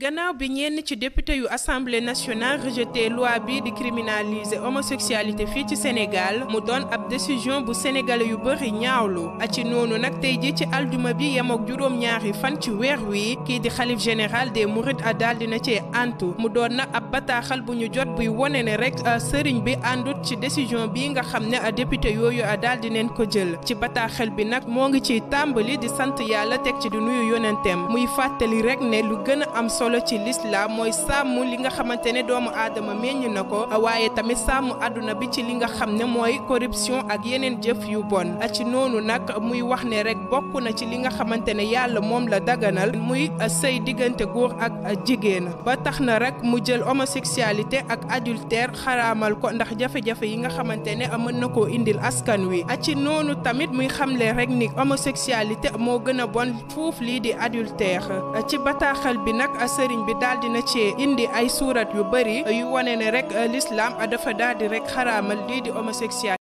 gannaaw bi ñenn ci député yu assemblée nationale rejeté loi bi di criminaliser homosexualité fii ci Sénégal mu doon ab décision bu sénégalais yu bëri ñaawlu ci noonu nag tey ji ci alduma bi yem ak juróom-ñaari fan ci weer wi kii di xalif général de mourides a daldi na cee antu mu doon na ab bataaxal bu ñu jot buy wone ne rek euh, sëriñ bi àndut ci décision bi nga xam ne euh, député yooyu a euh, daal di neen ko jël ci bataaxal bi nag moo ngi ciy tàmbali di sant yàlla teg ci di nuyu yonenteem solo ci mooy sàmm li nga xamante ne doomu aadama meññ na ko waaye tamit sàmm àdduna bi ci li nga xam ne mooy corruption ak yeneen jëf yu bon ci noonu nag muy wax ne rek bokk na ci li nga xamante ne yàlla moom la daganal muy sëy diggante góor ak jigéen ba tax na rek mu jël homosexualité ak adultère xaraamal ko ndax jafe-jafe yi nga xamante ne mën na ko indil askan wi ci noonu tamit muy xamle rek ni homosexualité moo gën a bon fuuf lii di adultère sëriñ bi daal na ci indi ay suurat yu bëri yu wane ne rek euh, l'islam euh, dafa daldi di rek xaraamal lii di homosexualité